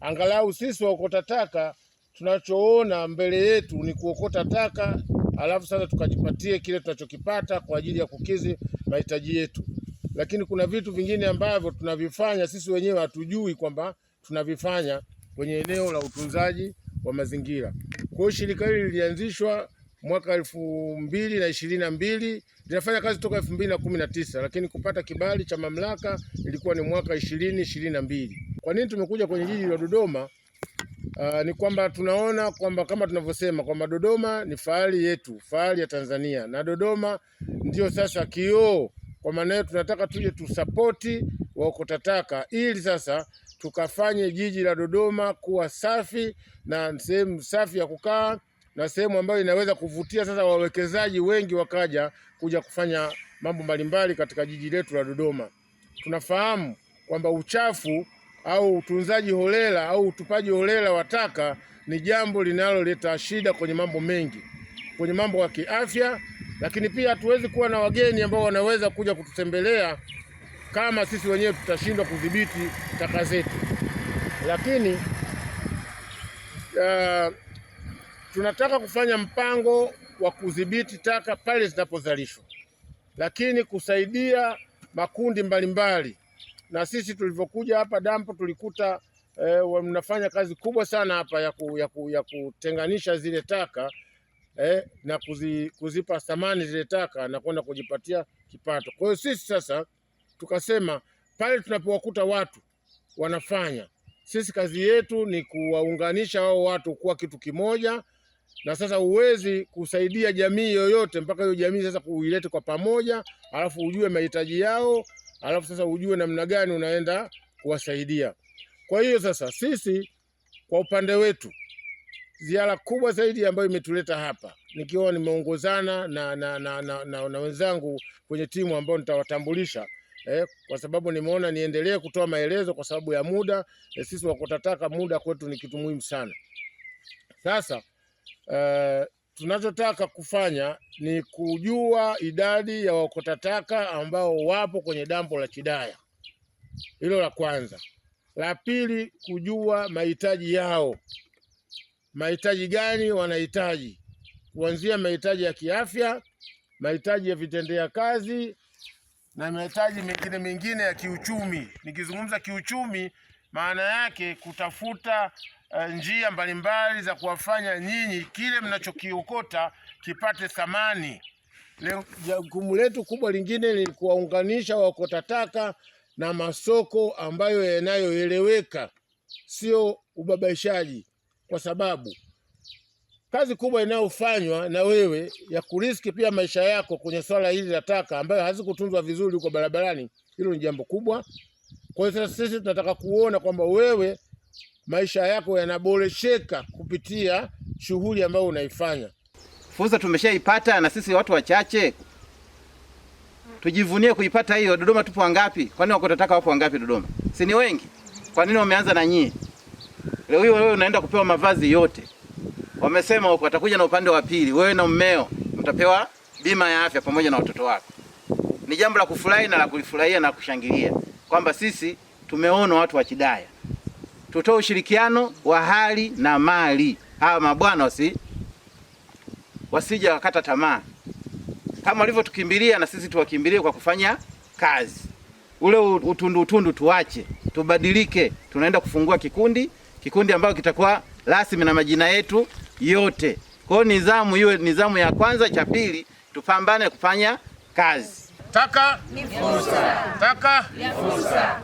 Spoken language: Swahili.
Angalau sisi waokota taka tunachoona mbele yetu ni kuokota taka, alafu sasa tukajipatie kile tunachokipata kwa ajili ya kukizi mahitaji yetu, lakini kuna vitu vingine ambavyo tunavifanya sisi wenyewe hatujui kwamba tunavifanya kwenye eneo la utunzaji wa mazingira. Kwa hiyo shirika hili lilianzishwa mwaka elfu mbili na ishirini na mbili linafanya kazi toka elfu mbili na kumi na tisa lakini kupata kibali cha mamlaka ilikuwa ni mwaka ishirini ishirini na mbili. Kwa nini tumekuja kwenye jiji la Dodoma? Uh, ni kwamba tunaona kwamba kama tunavyosema kwamba Dodoma ni fahari yetu, fahari ya Tanzania na Dodoma ndio sasa kioo. Kwa maana hiyo tunataka tuje tusapoti waokota taka ili sasa tukafanye jiji la Dodoma kuwa safi na sehemu safi ya kukaa na sehemu ambayo inaweza kuvutia sasa wawekezaji wengi wakaja kuja kufanya mambo mbalimbali katika jiji letu la Dodoma. Tunafahamu kwamba uchafu au utunzaji holela au utupaji holela wa taka ni jambo linaloleta shida kwenye mambo mengi, kwenye mambo ya kiafya, lakini pia hatuwezi kuwa na wageni ambao wanaweza kuja kututembelea kama sisi wenyewe tutashindwa kudhibiti taka zetu, lakini uh, Tunataka kufanya mpango wa kudhibiti taka pale zinapozalishwa, lakini kusaidia makundi mbalimbali. Na sisi tulivyokuja hapa dampo tulikuta eh, mnafanya kazi kubwa sana hapa ya, ku, ya, ku, ya kutenganisha zile taka eh, na kuzi, kuzipa thamani zile taka na kwenda kujipatia kipato. Kwa hiyo sisi sasa tukasema pale tunapowakuta watu wanafanya, sisi kazi yetu ni kuwaunganisha hao watu kuwa kitu kimoja na sasa uwezi kusaidia jamii yoyote mpaka hiyo jamii sasa kuilete kwa pamoja, alafu ujue mahitaji yao, alafu sasa ujue namna gani unaenda kuwasaidia. Kwa hiyo sasa sisi kwa upande wetu ziara kubwa zaidi ambayo imetuleta hapa nikiwa nimeongozana na, na, na, na, na, na wenzangu kwenye timu ambao nitawatambulisha eh, kwa sababu nimeona niendelee kutoa maelezo kwa sababu ya muda eh, sisi Wakutataka muda kwetu ni kitu muhimu sana. Sasa Eh, tunachotaka kufanya ni kujua idadi ya waokota taka ambao wapo kwenye dampo la Chidaya. Hilo la kwanza. La pili, kujua mahitaji yao, mahitaji gani wanahitaji, kuanzia mahitaji ya kiafya, mahitaji ya vitendea kazi na mahitaji mengine mengine ya kiuchumi. Nikizungumza kiuchumi maana yake kutafuta uh, njia mbalimbali za kuwafanya nyinyi kile mnachokiokota kipate thamani. Jukumu letu kubwa lingine ni kuwaunganisha waokota taka na masoko ambayo yanayoeleweka, sio ubabaishaji, kwa sababu kazi kubwa inayofanywa na wewe ya kuriski pia maisha yako kwenye swala hili la taka ambayo hazikutunzwa vizuri huko barabarani, hilo ni jambo kubwa. Kwa hiyo sasa sisi tunataka kuona kwamba wewe maisha yako yanaboresheka kupitia shughuli ambayo unaifanya. Fursa tumeshaipata na sisi watu wachache tujivunie kuipata hiyo. Dodoma tupo wangapi? Kwani wako tataka wapo wangapi Dodoma? Si ni wengi? Kwa nini wameanza na nyie? Leo hiyo wewe unaenda kupewa mavazi yote, wamesema huko watakuja na upande wa pili, wewe na mmeo mtapewa bima ya afya pamoja na watoto wako. Ni jambo la kufurahi na la kulifurahia na kushangilia kwamba sisi tumeona watu wa Kidaya, tutoe ushirikiano wa hali na mali, hawa mabwana wasi wasija wakata tamaa, kama walivyotukimbilia na sisi tuwakimbilie kwa kufanya kazi. Ule utundu utundu tuache, tubadilike. Tunaenda kufungua kikundi, kikundi ambayo kitakuwa rasmi na majina yetu yote. Kwa hiyo nizamu iwe ya kwanza, cha pili tupambane kufanya kazi taka ni fursa, taka ni fursa.